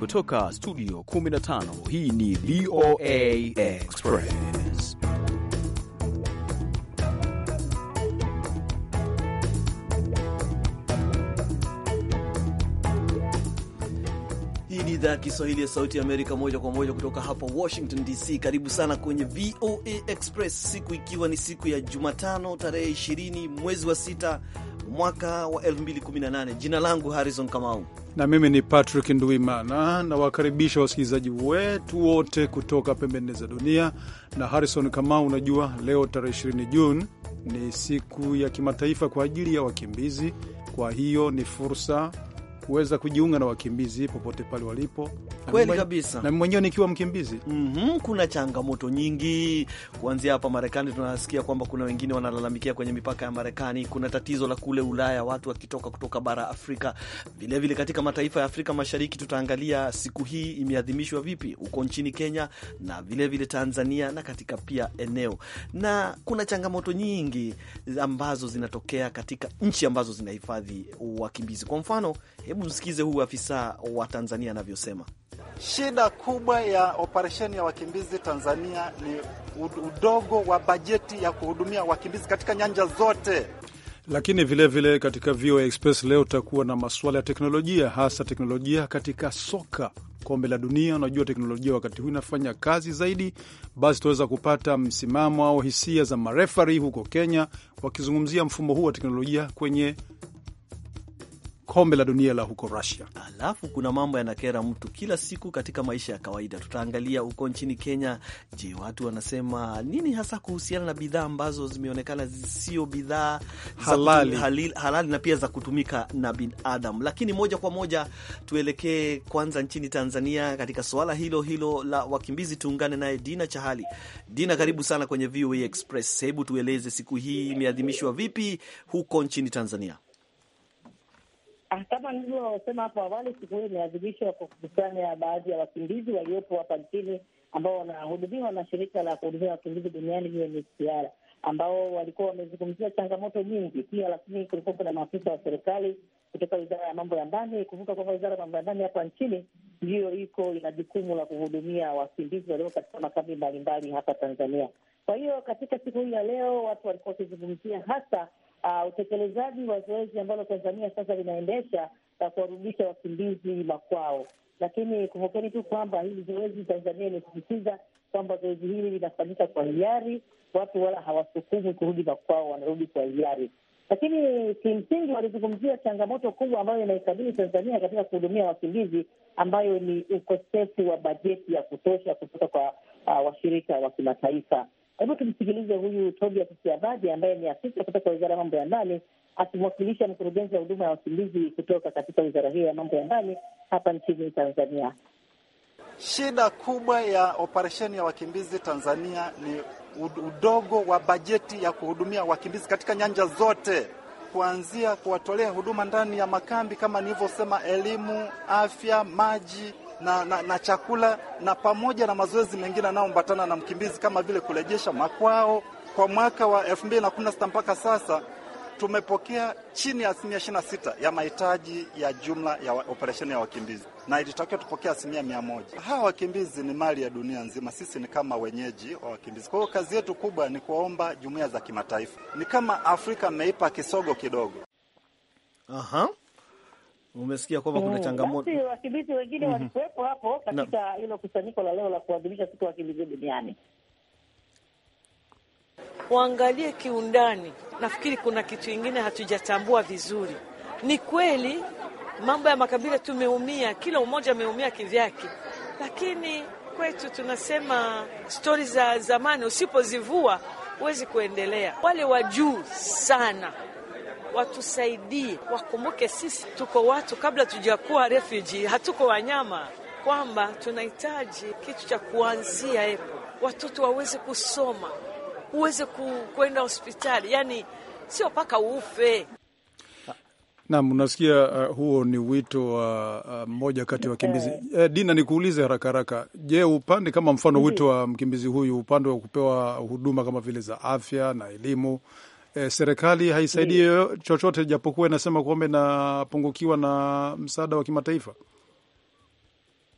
kutoka studio 15 hii ni VOA Express. Hii ni idhaa ya Kiswahili ya Sauti ya Amerika moja kwa moja kutoka hapa Washington DC. Karibu sana kwenye VOA Express, siku ikiwa ni siku ya Jumatano tarehe 20 mwezi wa sita mwaka wa 2018. Jina langu Harrison Kamau na mimi ni Patrick Nduimana, nawakaribisha wasikilizaji wetu wote kutoka pembe nne za dunia. Na Harrison Kamau, unajua leo tarehe 20 Juni ni siku ya kimataifa kwa ajili ya wakimbizi, kwa hiyo ni fursa kuweza kujiunga na wakimbizi popote pale walipo. Kweli kabisa, na mwenyewe nikiwa mkimbizi mm -hmm. Kuna changamoto nyingi kuanzia hapa Marekani, tunasikia kwamba kuna wengine wanalalamikia kwenye mipaka ya Marekani. Kuna tatizo la kule Ulaya, watu wakitoka kutoka bara Afrika, vilevile vile katika mataifa ya Afrika Mashariki. Tutaangalia siku hii imeadhimishwa vipi huko nchini Kenya na vilevile vile Tanzania na katika pia eneo, na kuna changamoto nyingi ambazo zinatokea katika nchi ambazo zinahifadhi wakimbizi. Kwa mfano, hebu Hebu tusikize huu afisa wa Tanzania anavyosema. Shida kubwa ya operesheni ya wakimbizi Tanzania ni udogo wa bajeti ya kuhudumia wakimbizi katika nyanja zote. Lakini vilevile vile katika VOA Express leo tutakuwa na masuala ya teknolojia, hasa teknolojia katika soka, kombe la dunia. Unajua teknolojia wakati huu inafanya kazi zaidi, basi tunaweza kupata msimamo au hisia za marefari huko Kenya wakizungumzia mfumo huu wa teknolojia kwenye kombe la dunia la huko Russia. Alafu kuna mambo yanakera mtu kila siku katika maisha ya kawaida. Tutaangalia huko nchini Kenya. Je, watu wanasema nini hasa kuhusiana na bidhaa ambazo zimeonekana zisio bidhaa halali. Halali, halali na pia za kutumika na binadamu. Lakini moja kwa moja tuelekee kwanza nchini Tanzania katika suala hilo hilo la wakimbizi. Tuungane naye Dina Chahali. Dina, karibu sana kwenye VOA e Express. Hebu tueleze siku hii imeadhimishwa vipi huko nchini Tanzania? Ah, kama nilivyosema hapo awali, siku hii imeadhimishwa kwa kukusanya baadhi ya wakimbizi waliopo hapa nchini ambao wanahudumiwa na shirika la kuhudumia wakimbizi duniani UNHCR, ambao walikuwa wamezungumzia changamoto nyingi pia, lakini kulikuwa kuna maafisa wa serikali kutoka wizara ya mambo ya ndani. Kumbuka kwamba wizara ya mambo ya ndani hapa nchini ndiyo iko ina jukumu la kuhudumia wakimbizi walioko katika makambi mbalimbali hapa Tanzania. Kwa hiyo katika siku hii ya leo watu walikuwa wakizungumzia hasa uh, utekelezaji wa zoezi ambalo Tanzania sasa linaendesha la kuwarudisha wakimbizi makwao. Lakini kumbukeni tu kwamba hili zoezi, Tanzania imesisitiza kwamba zoezi hili linafanyika kwa hiari, watu wala hawasukumwi kurudi makwao, wanarudi kwa hiari. Lakini kimsingi walizungumzia changamoto kubwa ambayo inaikabili Tanzania katika kuhudumia wakimbizi, ambayo ni ukosefu wa bajeti ya kutosha kutoka kwa uh, washirika wa kimataifa. Hebu tumsikilize huyu Tobias Kisiabadi ambaye ni afisa kutoka wizara ya mambo ya ndani akimwakilisha mkurugenzi wa huduma ya wakimbizi kutoka katika wizara hiyo ya mambo ya ndani hapa nchini Tanzania. Shida kubwa ya operesheni ya wakimbizi Tanzania ni udogo wa bajeti ya kuhudumia wakimbizi katika nyanja zote, kuanzia kuwatolea huduma ndani ya makambi kama nilivyosema, elimu, afya, maji na, na, na chakula na pamoja na mazoezi mengine yanayoambatana na mkimbizi kama vile kurejesha makwao. Kwa mwaka wa 2016 mpaka sasa tumepokea chini ya asilimia 26 ya mahitaji ya jumla ya operesheni ya wakimbizi na ilitakiwa tupokea asilimia mia moja. Hawa wakimbizi ni mali ya dunia nzima, sisi ni kama wenyeji wa wakimbizi. Kwa hiyo kazi yetu kubwa ni kuwaomba jumuiya za kimataifa, ni kama Afrika ameipa kisogo kidogo. Aha umesikia kwamba kuna mm, changamoto. Wakimbizi wengine mhm. walikuwepo hapo katika hilo kusanyiko la leo la kuadhimisha siku ya wakimbizi duniani. Waangalie kiundani, nafikiri kuna kitu ingine hatujatambua vizuri. Ni kweli mambo ya makabila tumeumia, kila mmoja ameumia kivyake, lakini kwetu tunasema stori za zamani usipozivua huwezi kuendelea. Wale wa juu sana watusaidie, wakumbuke sisi tuko watu kabla tujakuwa refuji, hatuko wanyama, kwamba tunahitaji kitu cha kuanzia epo, watoto waweze kusoma, uweze kwenda hospitali, yani sio mpaka uufe. Nam, unasikia uh, huo ni wito wa uh, mmoja kati ya wakimbizi Eh, eh Dina, nikuulize haraka haraka, je, upande kama mfano wito wa mkimbizi huyu upande wa kupewa huduma kama vile za afya na elimu E, serikali haisaidii mm. chochote japokuwa inasema kwamba inapungukiwa na msaada wa kimataifa.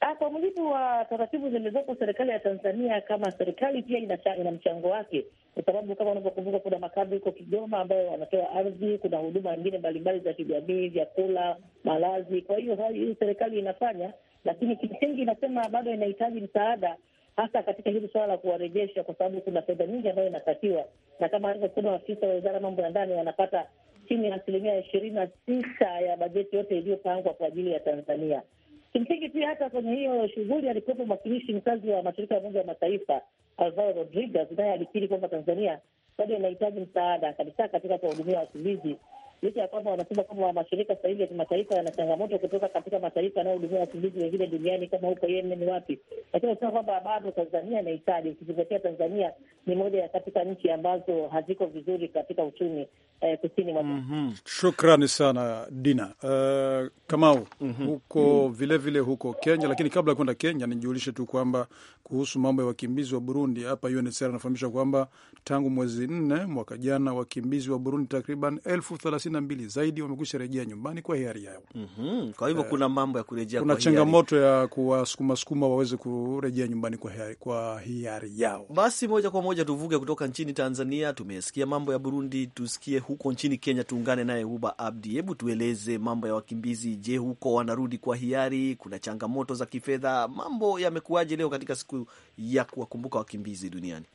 Ah, kwa mujibu wa taratibu zilizopo, serikali ya Tanzania kama serikali pia ina mchango wake, kwa sababu kama unavyokumbuka, kuna makazi huko Kigoma ambayo wanatoa ardhi, kuna huduma nyingine mbalimbali za kijamii, vyakula, malazi. Kwa hiyo hii serikali inafanya, lakini kimsingi inasema bado inahitaji msaada hasa katika hili suala la kuwarejesha, kwa sababu kuna fedha nyingi ambayo inatakiwa, na kama alivyosema afisa wa wizara mambo ya ndani wanapata chini ya asilimia ishirini na tisa ya bajeti yote iliyopangwa kwa ajili ya Tanzania. Kimsingi pia hata kwenye hiyo shughuli alikuwepo mwakilishi mkazi wa mashirika ya Umoja wa Mataifa Alvaro Rodriguez, naye alikiri kwamba Tanzania bado inahitaji msaada kabisa katika kuwahudumia wakimbizi licha ya kwamba wanasema kwamba mashirika sahivi ya kimataifa yana changamoto kutoka katika mataifa yanayohudumia wakimbizi wengine duniani kama huko Yemen ni wapi, lakini wanasema kwamba bado Tanzania inahitaji, ukizingatia Tanzania ni moja ya katika nchi ambazo haziko vizuri katika uchumi eh, kusini mwa mm -hmm. Shukrani sana Dina uh, Kamau mm -hmm. huko vilevile mhm. mm -hmm. vile huko Kenya, lakini kabla ya kwenda Kenya nijulishe tu kwamba kuhusu mambo ya wakimbizi wa Burundi hapa UNHCR anafahamisha kwamba tangu mwezi nne mwaka jana wakimbizi wa Burundi takriban elfu thelathini na mbili zaidi wamekwisha rejea nyumbani kwa hiari yao. mm -hmm. Kwa hivyo eh, kuna mambo ya kurejea, kuna changamoto ya kuwasukumasukuma waweze kurejea nyumbani kwa hiari, kwa hiari yao. Basi moja kwa moja tuvuke kutoka nchini Tanzania, tumesikia mambo ya Burundi, tusikie huko nchini Kenya. Tuungane naye Huba Abdi, hebu tueleze mambo ya wakimbizi. Je, huko wanarudi kwa hiari? Kuna changamoto za kifedha? Mambo yamekuwaje leo katika siku ya kuwakumbuka wakimbizi duniani?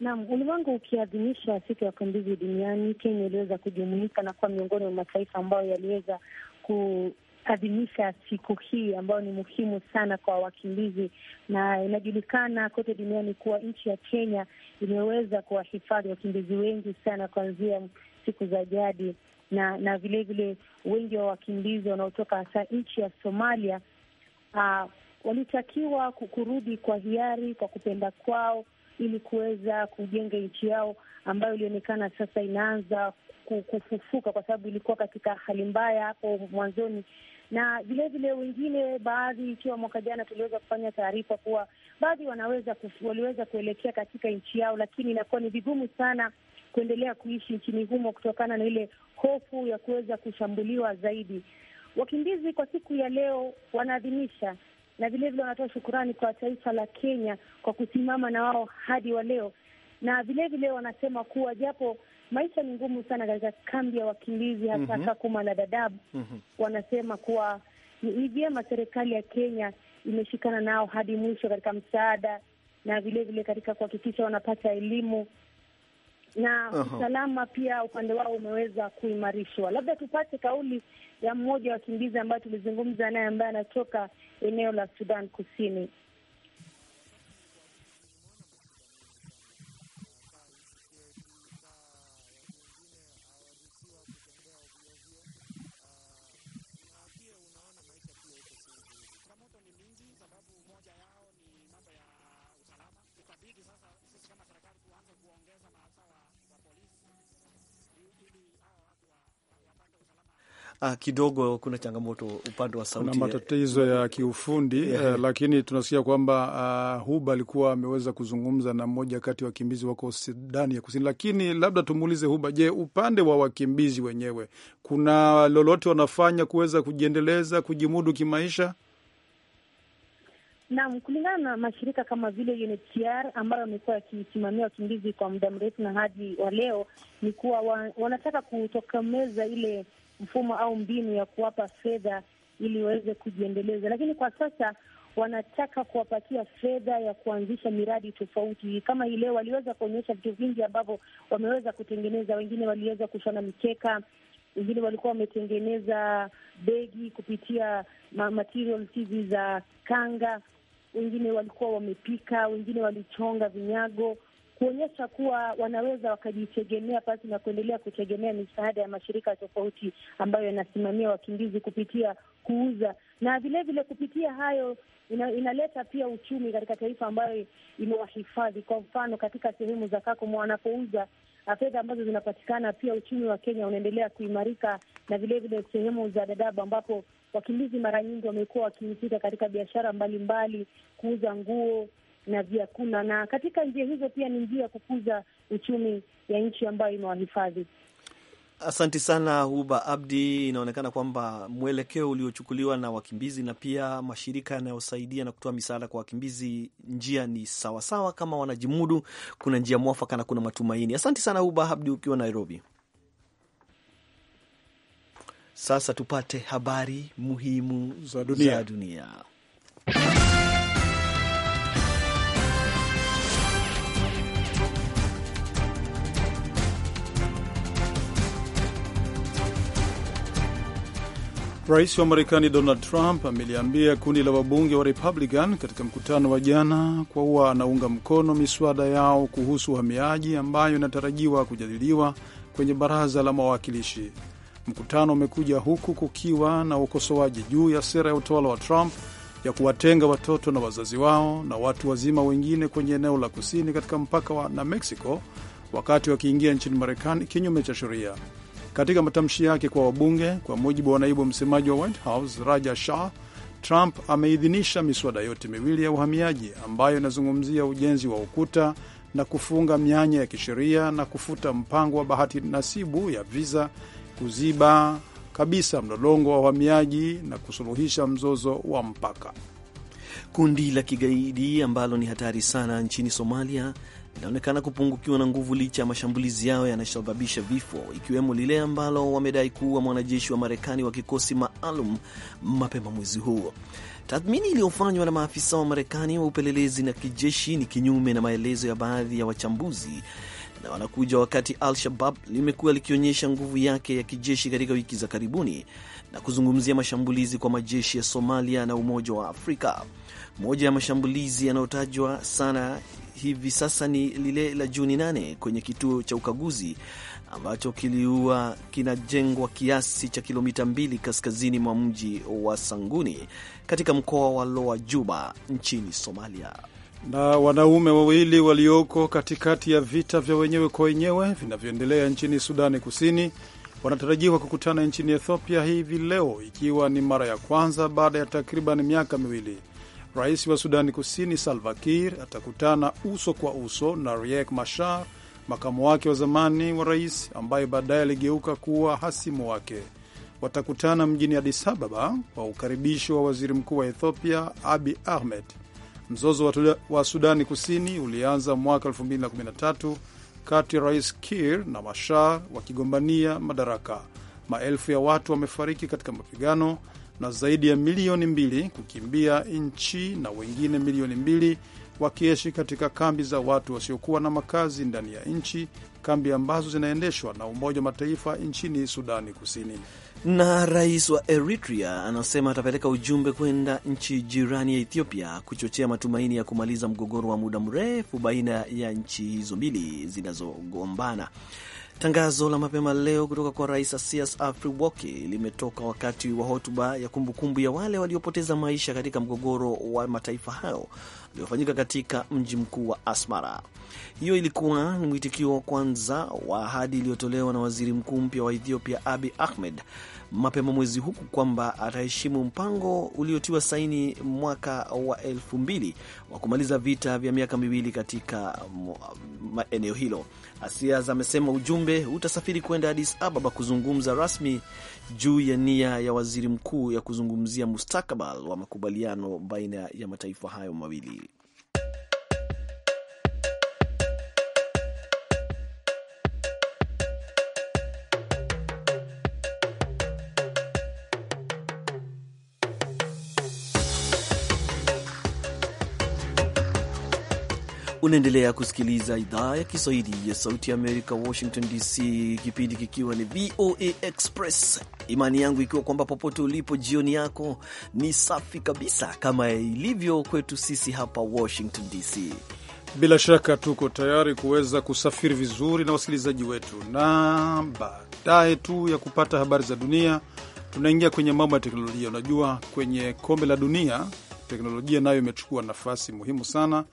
Naam, ulimwengu ukiadhimisha siku ya wakimbizi duniani, Kenya iliweza kujumuika na kuwa miongoni mwa mataifa ambayo yaliweza ku adhimisha siku hii ambayo ni muhimu sana kwa wakimbizi, na inajulikana kote duniani kuwa nchi ya Kenya imeweza kuwahifadhi wakimbizi wengi sana kuanzia siku za jadi, na na vilevile wengi wa wakimbizi wanaotoka hasa nchi ya Somalia uh, walitakiwa kurudi kwa hiari kwa kupenda kwao ili kuweza kujenga nchi yao ambayo ilionekana sasa inaanza kufufuka, kwa sababu ilikuwa katika hali mbaya hapo mwanzoni. Na vilevile wengine baadhi, ikiwa mwaka jana tuliweza kufanya taarifa kuwa baadhi wanaweza waliweza kuelekea katika nchi yao, lakini inakuwa ni vigumu sana kuendelea kuishi nchini humo kutokana na ile hofu ya kuweza kushambuliwa zaidi. Wakimbizi kwa siku ya leo wanaadhimisha na vilevile wanatoa shukurani kwa taifa la Kenya kwa kusimama na wao hadi wa leo, na vilevile wanasema kuwa japo maisha ni ngumu sana katika kambi ya wakimbizi hasa mm -hmm. Kakuma na Dadaab mm -hmm. wanasema kuwa ni vyema serikali ya Kenya imeshikana nao hadi mwisho katika msaada na vilevile katika kuhakikisha wanapata elimu na usalama uh -huh. pia upande wao umeweza kuimarishwa. Labda tupate kauli ya mmoja wa wakimbizi ambayo tulizungumza naye ambaye anatoka eneo la Sudan Kusini. uh, kidogo kuna changamoto upande wa sauti, kuna matatizo ya kiufundi yeah. Uh, lakini tunasikia kwamba uh, Huba alikuwa ameweza kuzungumza na mmoja kati ya wakimbizi wako Sudani ya Kusini, lakini labda tumuulize Huba, je, upande wa wakimbizi wenyewe kuna lolote wanafanya kuweza kujiendeleza, kujimudu kimaisha? Naam, kulingana na mashirika kama vile UNHCR ambayo amekuwa yakisimamia wakimbizi kwa muda mrefu na hadi wa leo, ni kuwa wa, wanataka kutokomeza ile mfumo au mbinu ya kuwapa fedha ili waweze kujiendeleza, lakini kwa sasa wanataka kuwapatia fedha ya kuanzisha miradi tofauti. Kama hii leo waliweza kuonyesha vitu vingi ambavyo wameweza kutengeneza. Wengine waliweza kushona mikeka, wengine walikuwa wametengeneza begi kupitia materials hizi za kanga, wengine walikuwa wamepika, wengine walichonga vinyago kuonyesha kuwa wanaweza wakajitegemea pasi na kuendelea kutegemea misaada ya mashirika tofauti ambayo yanasimamia wakimbizi kupitia kuuza, na vilevile vile kupitia hayo ina, inaleta pia uchumi katika taifa ambayo imewahifadhi. Kwa mfano katika sehemu za Kakuma wanapouza ah, fedha ambazo zinapatikana, pia uchumi wa Kenya unaendelea kuimarika, na vilevile vile sehemu za dadabu ambapo wakimbizi mara nyingi wamekuwa wakihusika katika biashara mbalimbali, kuuza nguo na vyakula, na katika njia hizo pia ni njia ya kukuza uchumi ya nchi ambayo imewahifadhi. Asanti sana Huba Abdi. Inaonekana kwamba mwelekeo uliochukuliwa na wakimbizi na pia mashirika yanayosaidia na kutoa misaada kwa wakimbizi, njia ni sawasawa sawa, kama wanajimudu, kuna njia mwafaka na kuna matumaini. Asanti sana Huba Abdi ukiwa Nairobi. Sasa tupate habari muhimu za dunia, za dunia. Rais wa Marekani Donald Trump ameliambia kundi la wabunge wa Republican katika mkutano wa jana kwa kuwa anaunga mkono miswada yao kuhusu uhamiaji ambayo inatarajiwa kujadiliwa kwenye baraza la mawakilishi. Mkutano umekuja huku kukiwa na ukosoaji juu ya sera ya utawala wa Trump ya kuwatenga watoto na wazazi wao na watu wazima wengine kwenye eneo la kusini katika mpaka wa na Mexico wakati wakiingia nchini Marekani kinyume cha sheria. Katika matamshi yake kwa wabunge, kwa mujibu wa naibu msemaji wa White House Raja Shah, Trump ameidhinisha miswada yote miwili ya uhamiaji ambayo inazungumzia ujenzi wa ukuta na kufunga mianya ya kisheria na kufuta mpango wa bahati nasibu ya viza kuziba kabisa mlolongo wa uhamiaji na kusuluhisha mzozo wa mpaka. Kundi la kigaidi ambalo ni hatari sana nchini Somalia linaonekana kupungukiwa na nguvu licha ya mashambulizi yao yanayosababisha vifo, ikiwemo lile ambalo wamedai kuwa mwanajeshi wa Marekani wa kikosi maalum mapema mwezi huo. Tathmini iliyofanywa na maafisa wa Marekani wa upelelezi na kijeshi ni kinyume na maelezo ya baadhi ya wachambuzi na wanakuja wakati Al-Shabab limekuwa likionyesha nguvu yake ya kijeshi katika wiki za karibuni na kuzungumzia mashambulizi kwa majeshi ya Somalia na Umoja wa Afrika. Moja ya mashambulizi yanayotajwa sana hivi sasa ni lile la Juni 8 kwenye kituo cha ukaguzi ambacho kiliua kinajengwa kiasi cha kilomita mbili kaskazini mwa mji wa Sanguni katika mkoa wa Loa Juba nchini Somalia na wanaume wawili walioko katikati ya vita vya wenyewe kwa wenyewe vinavyoendelea nchini Sudani Kusini wanatarajiwa kukutana nchini Ethiopia hivi leo, ikiwa ni mara ya kwanza baada ya takriban miaka miwili. Rais wa Sudani Kusini Salva Kiir atakutana uso kwa uso na Riek Machar, makamu wake wa zamani wa rais, ambaye baadaye aligeuka kuwa hasimu wake. Watakutana mjini Addis Ababa kwa ukaribisho wa waziri mkuu wa Ethiopia Abiy Ahmed. Mzozo wa Sudani Kusini ulianza mwaka 2013 kati ya Rais Kiir na Mashar wakigombania madaraka. Maelfu ya watu wamefariki katika mapigano na zaidi ya milioni mbili kukimbia nchi na wengine milioni mbili wakiishi katika kambi za watu wasiokuwa na makazi ndani ya nchi, kambi ambazo zinaendeshwa na Umoja wa Mataifa nchini Sudani Kusini. Na rais wa Eritrea anasema atapeleka ujumbe kwenda nchi jirani ya Ethiopia kuchochea matumaini ya kumaliza mgogoro wa muda mrefu baina ya nchi hizo mbili zinazogombana. Tangazo la mapema leo kutoka kwa rais Asias Afwerki limetoka wakati wa hotuba ya kumbukumbu ya wale waliopoteza maisha katika mgogoro wa mataifa hayo uliofanyika katika mji mkuu wa Asmara. Hiyo ilikuwa ni mwitikio wa kwanza wa ahadi iliyotolewa na waziri mkuu mpya wa Ethiopia Abi Ahmed mapema mwezi huku kwamba ataheshimu mpango uliotiwa saini mwaka wa elfu mbili wa kumaliza vita vya miaka miwili katika eneo hilo. Asias amesema ujumbe utasafiri kwenda Addis Ababa kuzungumza rasmi juu ya nia ya waziri mkuu ya kuzungumzia mustakabali wa makubaliano baina ya mataifa hayo mawili. Unaendelea kusikiliza idhaa ya Kiswahili ya Sauti ya Amerika, Washington DC, kipindi kikiwa ni VOA Express. Imani yangu ikiwa kwamba popote ulipo, jioni yako ni safi kabisa kama ilivyo kwetu sisi hapa Washington DC. Bila shaka tuko tayari kuweza kusafiri vizuri na wasikilizaji wetu, na baadaye tu ya kupata habari za dunia, tunaingia kwenye mambo ya teknolojia. Unajua, kwenye kombe la dunia teknolojia nayo imechukua nafasi muhimu sana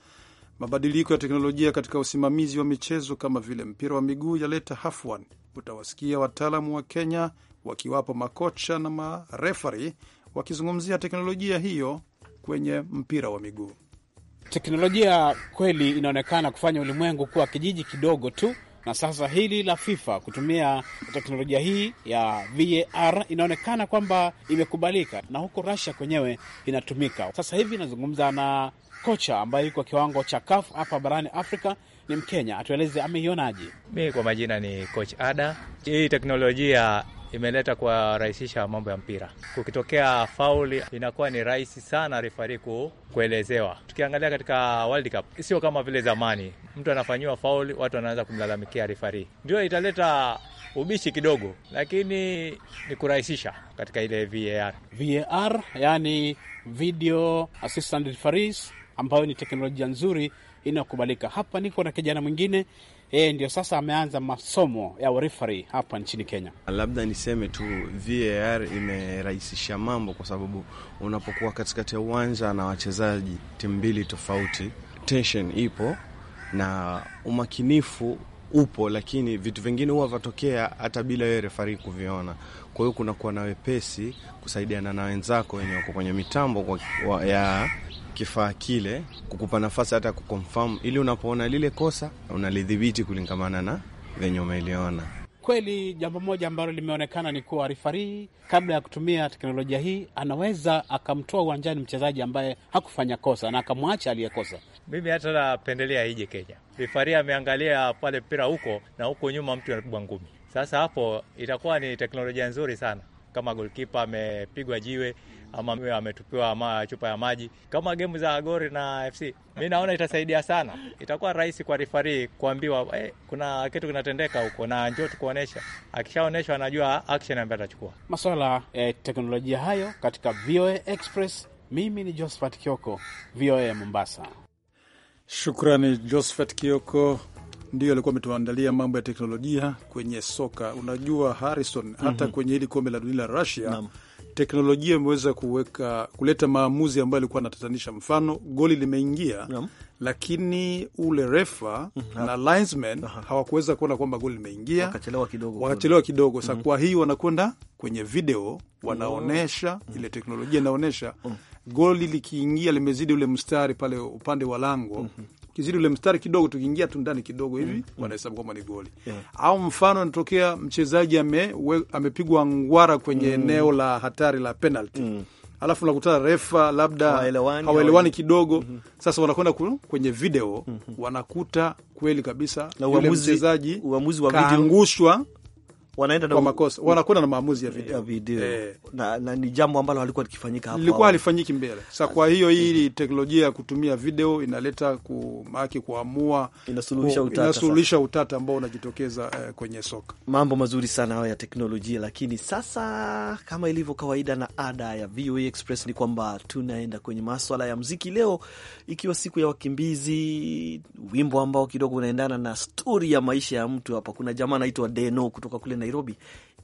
Mabadiliko ya teknolojia katika usimamizi wa michezo kama vile mpira wa miguu yaleta hafwan. Utawasikia wataalamu wa Kenya wakiwapo makocha na marefari wakizungumzia teknolojia hiyo kwenye mpira wa miguu. Teknolojia kweli inaonekana kufanya ulimwengu kuwa kijiji kidogo tu na sasa hili la FIFA kutumia teknolojia hii ya VAR inaonekana kwamba imekubalika, na huko Russia kwenyewe inatumika sasa hivi. Inazungumza na kocha ambaye yuko kiwango cha CAF hapa barani Afrika, ni Mkenya, atueleze ameionaje. Mi kwa majina ni coach Ada. Hii teknolojia imeleta kuwarahisisha mambo ya mpira. Kukitokea fauli, inakuwa ni rahisi sana refari kuelezewa. Tukiangalia katika World Cup, sio kama vile zamani, mtu anafanyiwa fauli, watu wanaanza kumlalamikia refari. Ndio italeta ubishi kidogo, lakini ni kurahisisha katika ile VAR. VAR yani video assistant referees, ambayo ni teknolojia nzuri inayokubalika. Hapa niko na kijana mwingine yeye ndio sasa ameanza masomo ya urefari hapa nchini Kenya. Labda niseme tu VAR imerahisisha mambo, kwa sababu unapokuwa katikati ya uwanja na wachezaji timu mbili tofauti, tension ipo na umakinifu upo, lakini vitu vingine huwa vatokea hata bila wewe refari kuviona. Kwa hiyo kunakuwa na wepesi kusaidiana na wenzako wenye wako kwenye mitambo kwa, wa, ya kifaa kile kukupa nafasi hata kuconfirm, ili unapoona lile kosa unalidhibiti kulingamana na venye umeliona. Kweli, jambo moja ambalo limeonekana ni kuwa rifarii kabla ya kutumia teknolojia hii anaweza akamtoa uwanjani mchezaji ambaye hakufanya kosa na akamwacha aliyekosa. Mimi hata napendelea ije Kenya. Rifari ameangalia pale mpira huko na huko nyuma mtu anapigwa ngumi. Sasa hapo itakuwa ni teknolojia nzuri sana, kama golkipa amepigwa jiwe ama ametupiwa ama chupa ya maji, kama gemu za Gori na FC. Mi naona itasaidia sana, itakuwa rahisi kwa rifari kuambiwa, eh, kuna kitu kinatendeka huko na njoo tukuonyesha. Akishaonyeshwa anajua action ambayo atachukua. Maswala ya eh, teknolojia hayo katika VOA Express. Mimi ni Josephat Kioko, VOA Mombasa. Shukrani Josephat Kioko, ndio alikuwa ametuandalia mambo ya teknolojia kwenye soka. Unajua Harrison, hata mm -hmm. kwenye hili kombe la dunia la Russia teknolojia imeweza kuweka kuleta maamuzi ambayo alikuwa anatatanisha. Mfano, goli limeingia Naam lakini ule refa mm -hmm. na linesman uh -huh. hawakuweza kuona kwamba goli limeingia, wakachelewa kidogo, wakachelewa kidogo. Sa mhm. kwa hii wanakwenda kwenye video wanaonesha mm -hmm. ile teknolojia inaonesha mm -hmm. goli likiingia limezidi ule mstari pale upande wa lango mm -hmm. kizidi ule mstari kidogo, tukiingia tu ndani kidogo hivi mm -hmm. wanahesabu kwamba ni goli yeah. au mfano natokea mchezaji amepigwa ngwara kwenye mm -hmm. eneo la hatari la penalty mm -hmm alafu nakutana refa labda hawaelewani kidogo mm -hmm. Sasa wanakwenda kwenye video mm -hmm. wanakuta kweli kabisa yule mchezaji kaangushwa wanaenda kwa makosa, wanakwenda na maamuzi ya video, ya eh, video. Eh, na, na ni jambo ambalo halikuwa likifanyika hapo, ilikuwa halifanyiki mbele. Sasa kwa hiyo hii mm -hmm. teknolojia ya kutumia video inaleta kumaki kuamua, inasuluhisha utata, inasuluhisha utata ambao unajitokeza eh, kwenye soka. Mambo mazuri sana hayo ya teknolojia, lakini sasa kama ilivyo kawaida na ada ya VOA Express ni kwamba tunaenda kwenye maswala ya muziki leo, ikiwa siku ya wakimbizi, wimbo ambao kidogo unaendana na stori ya maisha ya mtu. Hapa kuna jamaa anaitwa Deno kutoka kule na Nairobi.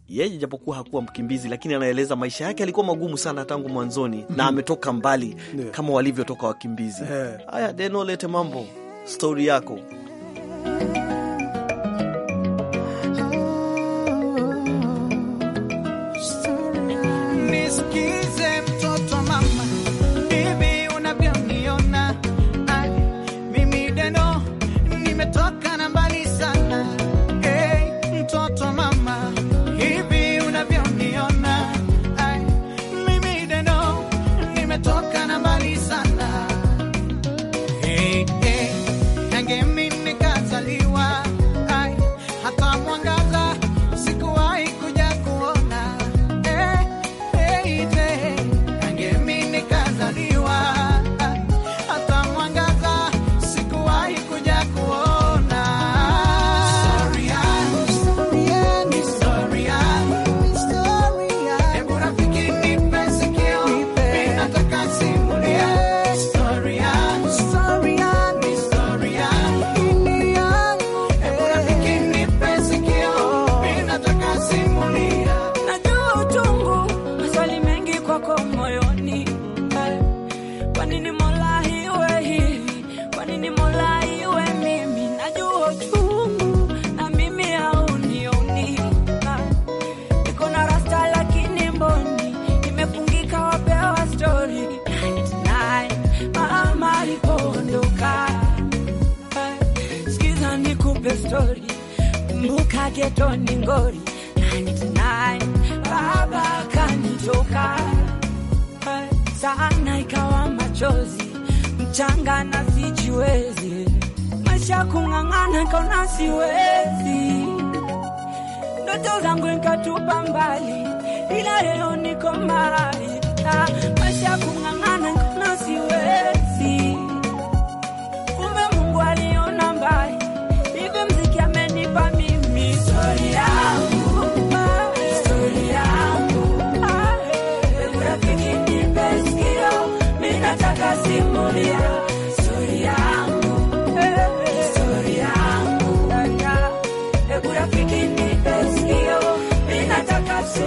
Yeye japokuwa hakuwa mkimbizi, lakini anaeleza maisha yake alikuwa magumu sana tangu mwanzoni mm -hmm. na mhm. ametoka mbali yeah. kama walivyotoka wakimbizi haya yeah. Deno, lete mambo, stori yako yake Toni Ngori 99 baba kanitoka eh, sana, ikawa machozi mchanga na sijiwezi, maisha kung'ang'ana kaona siwezi, ndoto zangu nikatupa mbali, ila leo niko mali ah,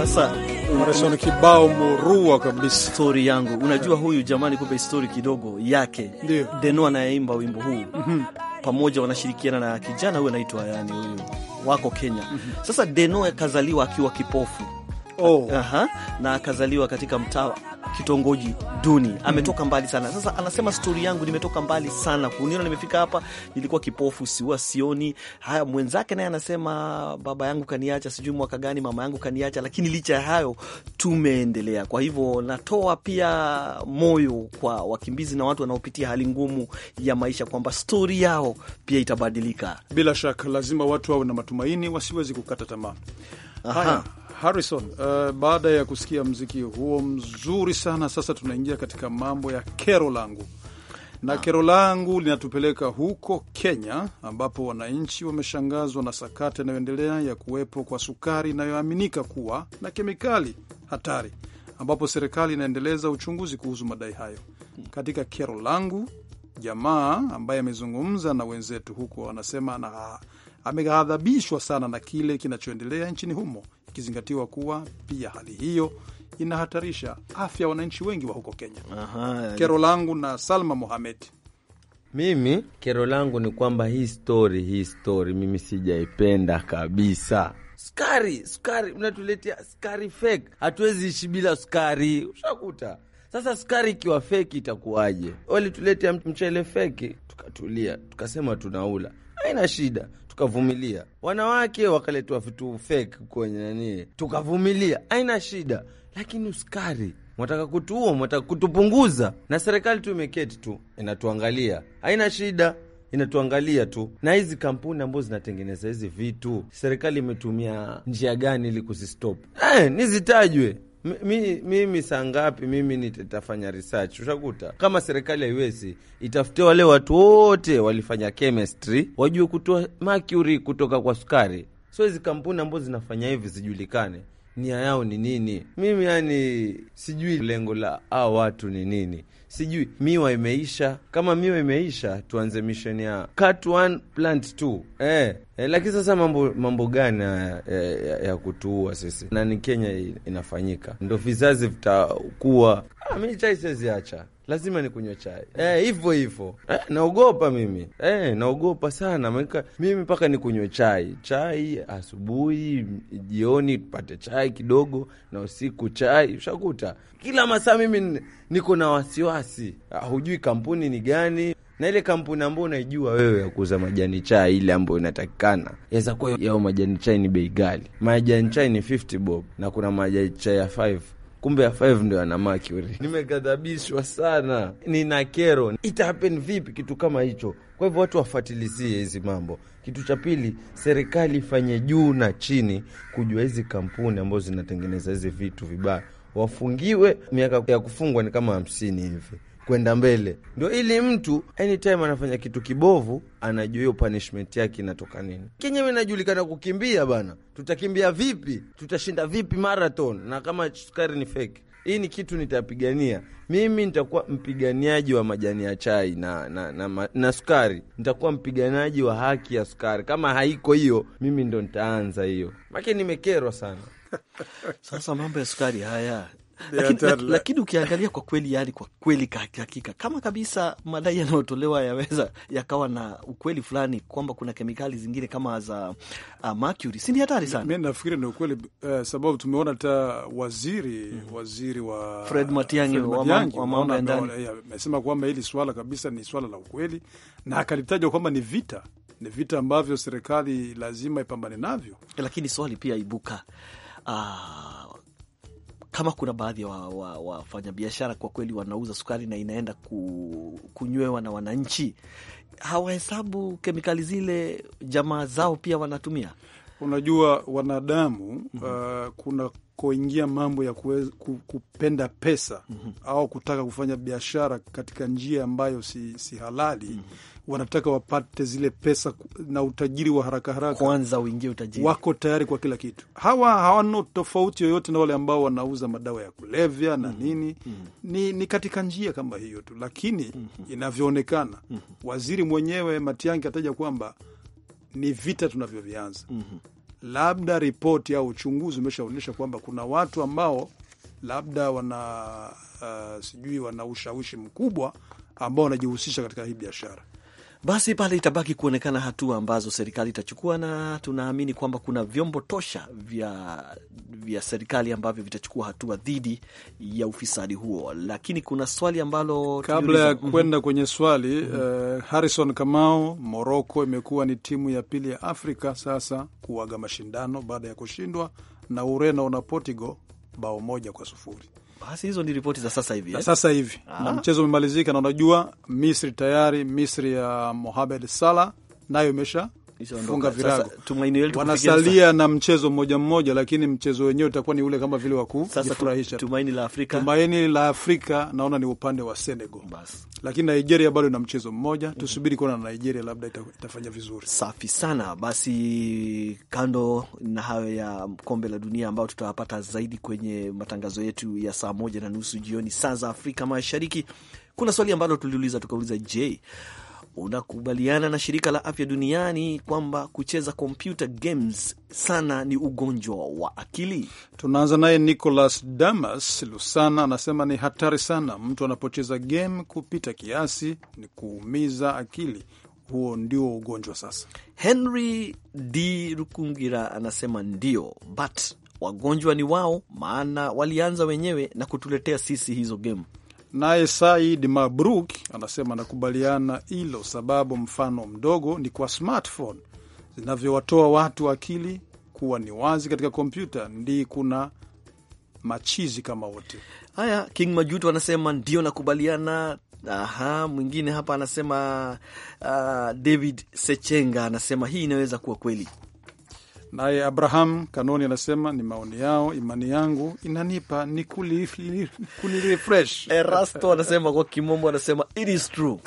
Sasa kibao murua kabisa, stori yangu. Unajua huyu jamani, kumbe stori kidogo yake Deno anayeimba wimbo huu mm -hmm. Pamoja wanashirikiana na kijana huyu anaitwa yani, huyu wako Kenya mm -hmm. Sasa Deno akazaliwa akiwa kipofu oh. Uh -huh. na akazaliwa katika mtaa kitongoji duni mm. Ametoka mbali sana. Sasa anasema stori yangu, nimetoka mbali sana, kuniona nimefika hapa, nilikuwa kipofu, siwa sioni haya. Mwenzake naye anasema baba yangu kaniacha, sijui mwaka gani, mama yangu kaniacha, lakini licha ya hayo tumeendelea. Kwa hivyo natoa pia moyo kwa wakimbizi na watu wanaopitia hali ngumu ya maisha kwamba stori yao pia itabadilika. Bila shaka lazima watu wawe na matumaini, wasiwezi kukata tamaa. Haya Harrison, uh, baada ya kusikia mziki huo mzuri sana, sasa tunaingia katika mambo ya kero langu na ah. kero langu linatupeleka huko Kenya, ambapo wananchi wameshangazwa na sakata inayoendelea ya kuwepo kwa sukari inayoaminika kuwa na kemikali hatari, ambapo serikali inaendeleza uchunguzi kuhusu madai hayo. Katika kero langu, jamaa ambaye amezungumza na wenzetu huko anasema na amegadhabishwa sana na kile kinachoendelea nchini humo, ikizingatiwa kuwa pia hali hiyo inahatarisha afya ya wananchi wengi wa huko Kenya. Aha, kero langu na Salma Mohamed. Mimi kero langu ni kwamba hii stori hii stori mimi sijaipenda kabisa. Sukari, sukari, mnatuletea sukari fake. Hatuwezi ishi bila sukari, ushakuta sasa sukari ikiwa feki itakuwaje? Walituletea mchele feki, tukatulia, tukasema tunaula, haina shida tukavumilia, wanawake wakaletwa vitu fake kwenye nani, tukavumilia, haina shida. Lakini usukari mwataka kutuua, mwataka kutupunguza, na serikali tu imeketi tu inatuangalia, haina shida inatuangalia tu. Na hizi kampuni ambazo zinatengeneza hizi vitu, serikali imetumia njia gani ili kuzistop? Eh, nizitajwe Mi, mimi saa ngapi mimi nitafanya research? Ushakuta kama serikali haiwezi itafute wale watu wote walifanya chemistry wajue kutoa mercury kutoka kwa sukari, so hizi kampuni ambazo zinafanya hivi zijulikane nia yao ni nini. Mimi yani sijui lengo la hao watu ni nini sijui miwa imeisha. Kama miwa imeisha, tuanze misheni ya cut one plant two eh. eh, lakini sasa mambo mambo gani ya, ya, ya kutuua sisi na ni Kenya inafanyika, ndo vizazi vitakuwa. Ah, mi chai siweziacha lazima ni kunywa chai eh, hivyo hivo hivyo eh, naogopa mimi eh, naogopa sana Mika, mimi mpaka ni kunywa chai chai asubuhi, jioni pate chai kidogo, na usiku chai. Ushakuta kila masaa mimi niko na wasiwasi, ah, hujui kampuni ni gani na ile kampuni ambayo unaijua wewe ya kuuza majani chai ile ambayo inatakikana, yaweza kuwa yao majani chai ni bei ghali. Majani chai ni 50 bob na kuna majani chai ya kumbe A5 ndio ana Mercury. Nimegadhabishwa sana, nina kero. Ita vipi kitu kama hicho? Kwa hivyo watu wafatilizie hizi mambo. Kitu cha pili, serikali ifanye juu na chini kujua hizi kampuni ambazo zinatengeneza hizi vitu vibaya wafungiwe. Miaka ya kufungwa ni kama hamsini hivi kwenda mbele. Ndio ili mtu anytime anafanya kitu kibovu anajua hiyo punishment yake inatoka nini. Kenyewe inajulikana kukimbia bana, tutakimbia vipi? Tutashinda vipi marathon? Na kama sukari ni fake hii ni kitu nitapigania mimi, nitakuwa mpiganiaji wa majani ya chai na, na, na, na sukari. Nitakuwa mpiganaji wa haki ya sukari. Kama haiko hiyo, mimi ndo nitaanza hiyo, make nimekerwa sana. Sasa mambo ya sukari haya lakini, ukiangalia kwa kweli, yani kwa kweli hakika kama kabisa madai yanayotolewa yaweza yakawa na ukweli fulani kwamba kuna kemikali zingine kama za uh, mercury, si ni hatari sana. Mimi nafikiri ni ukweli uh, sababu tumeona hata waziri mm waziri wa Fred Matiang'i wa mambo ya ndani eh, amesema kwamba hili swala kabisa ni swala la ukweli na akalitaja kwamba ni vita ni vita ambavyo serikali lazima ipambane navyo, lakini swali pia ibuka uh, kama kuna baadhi ya wa, wafanyabiashara wa kwa kweli wanauza sukari na inaenda ku, kunywewa na wananchi, hawahesabu kemikali zile jamaa zao pia wanatumia. Unajua wanadamu mm -hmm. uh, kuna kuingia mambo ya ku, kupenda pesa mm -hmm. au kutaka kufanya biashara katika njia ambayo si, si halali mm -hmm wanataka wapate zile pesa na utajiri wa haraka haraka, kwanza uingie utajiri. Wako tayari kwa kila kitu. Hawa hawana tofauti yoyote na wale ambao wanauza madawa ya kulevya na mm nini mm -hmm. ni, ni katika njia kama hiyo tu, lakini mm -hmm. inavyoonekana mm -hmm. waziri mwenyewe Matiang'i ataja kwamba ni vita tunavyovianza mm -hmm. Labda ripoti au uchunguzi umeshaonyesha kwamba kuna watu ambao labda wana uh, sijui wana ushawishi mkubwa ambao wanajihusisha katika hii biashara basi pale itabaki kuonekana hatua ambazo serikali itachukua, na tunaamini kwamba kuna vyombo tosha vya, vya serikali ambavyo vitachukua hatua dhidi ya ufisadi huo. Lakini kuna swali ambalo kabla ya mhm. kwenda kwenye swali mm -hmm. uh, Harrison Kamau, Moroko imekuwa ni timu ya pili ya Afrika sasa kuaga mashindano baada ya kushindwa na Ureno na Portugal bao moja kwa sufuri. Basi hizo ni ripoti za sasa hivi, eh? sasa hivi ah. na mchezo umemalizika, na unajua Misri tayari, Misri ya Mohamed Salah nayo imesha kufunga virago. Tumaini wanasalia na mchezo mmoja mmoja, lakini mchezo wenyewe utakuwa ni ule kama vile wa kujifurahisha. Tumaini la Afrika, tumaini la Afrika naona ni upande wa Senegal bas, lakini Nigeria bado ina mchezo mmoja. Tusubiri kuona Nigeria labda itafanya vizuri. Safi sana. Basi kando na hayo ya kombe la dunia ambayo tutawapata zaidi kwenye matangazo yetu ya saa moja na nusu jioni saa za Afrika Mashariki, kuna swali ambalo tuliuliza tukauliza, je, unakubaliana na shirika la afya duniani kwamba kucheza computer games sana ni ugonjwa wa akili? Tunaanza naye Nicolas Damas Lusana, anasema ni hatari sana mtu anapocheza game kupita kiasi, ni kuumiza akili huo ndio ugonjwa sasa. Henry D Rukungira anasema ndio, but wagonjwa ni wao, maana walianza wenyewe na kutuletea sisi hizo gemu. Naye Said Mabruk anasema anakubaliana hilo, sababu mfano mdogo ni kwa smartphone zinavyowatoa watu akili kuwa ni wazi katika kompyuta, ndi kuna machizi kama wote. Haya, King Majuto anasema ndio, nakubaliana. Aha, mwingine hapa anasema uh, David Sechenga anasema hii inaweza kuwa kweli. Naye Abraham Kanoni anasema ni maoni yao, imani yangu inanipa ni kulirefresh. Erasto eh, anasema kwa kimombo, anasema it is true.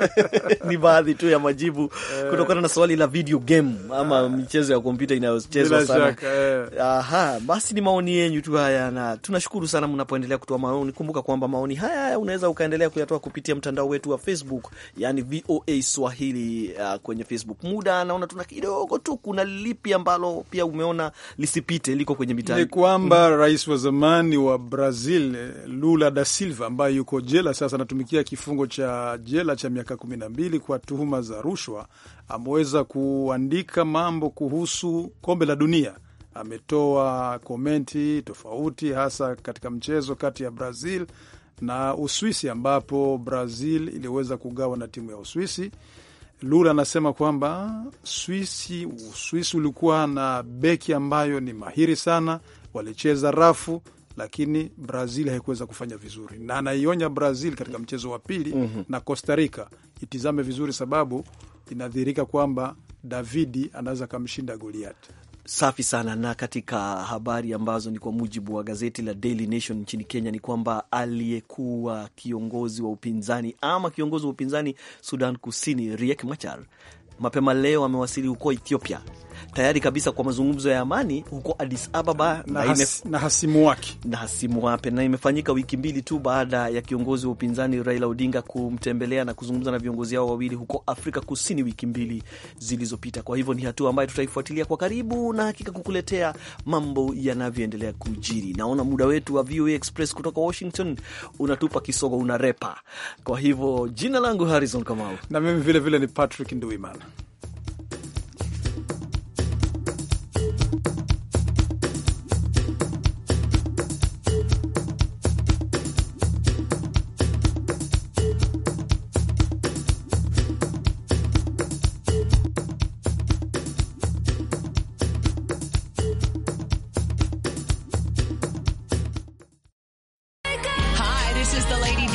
Ni baadhi tu ya majibu eh. kutokana na swali la video game ama ah. michezo ya kompyuta inayochezwa sana. Eh. Aha, basi ni maoni yenyu tu haya, na tunashukuru sana mnapoendelea kutoa maoni. Kumbuka kwamba maoni haya haya unaweza ukaendelea kuyatoa kupitia mtandao wetu wa Facebook, yani VOA Swahili uh, kwenye Facebook. Muda naona tuna kidogo tu, kuna lipi amba ambalo pia umeona lisipite, liko kwenye mitani ni kwamba mm, rais wa zamani wa Brazil Lula da Silva ambaye yuko jela sasa, anatumikia kifungo cha jela cha miaka kumi na mbili kwa tuhuma za rushwa, ameweza kuandika mambo kuhusu kombe la dunia ametoa komenti tofauti hasa katika mchezo kati ya Brazil na Uswisi ambapo Brazil iliweza kugawa na timu ya Uswisi Lula anasema kwamba Swisi, Swisi ulikuwa na beki ambayo ni mahiri sana, walicheza rafu lakini Brazil haikuweza kufanya vizuri, na anaionya Brazil katika mchezo wa pili mm -hmm. na Costa Rica itizame vizuri, sababu inadhihirika kwamba Davidi anaweza akamshinda Goliati. Safi sana. Na katika habari ambazo ni kwa mujibu wa gazeti la Daily Nation nchini Kenya ni kwamba aliyekuwa kiongozi wa upinzani ama kiongozi wa upinzani Sudan Kusini Riek Machar mapema leo amewasili huko Ethiopia tayari kabisa kwa mazungumzo ya amani huko Addis Ababa na, na, has, na hasimu wake na hasimu wape, na imefanyika wiki mbili tu baada ya kiongozi wa upinzani Raila Odinga kumtembelea na kuzungumza na viongozi hao wawili huko Afrika Kusini wiki mbili zilizopita. Kwa hivyo ni hatua ambayo tutaifuatilia kwa karibu na hakika kukuletea mambo yanavyoendelea kujiri. Naona muda wetu wa VOA Express kutoka Washington unatupa kisogo, unarepa. Kwa hivyo jina langu Harrison Kamau na mimi vilevile ni Patrick Nduimana.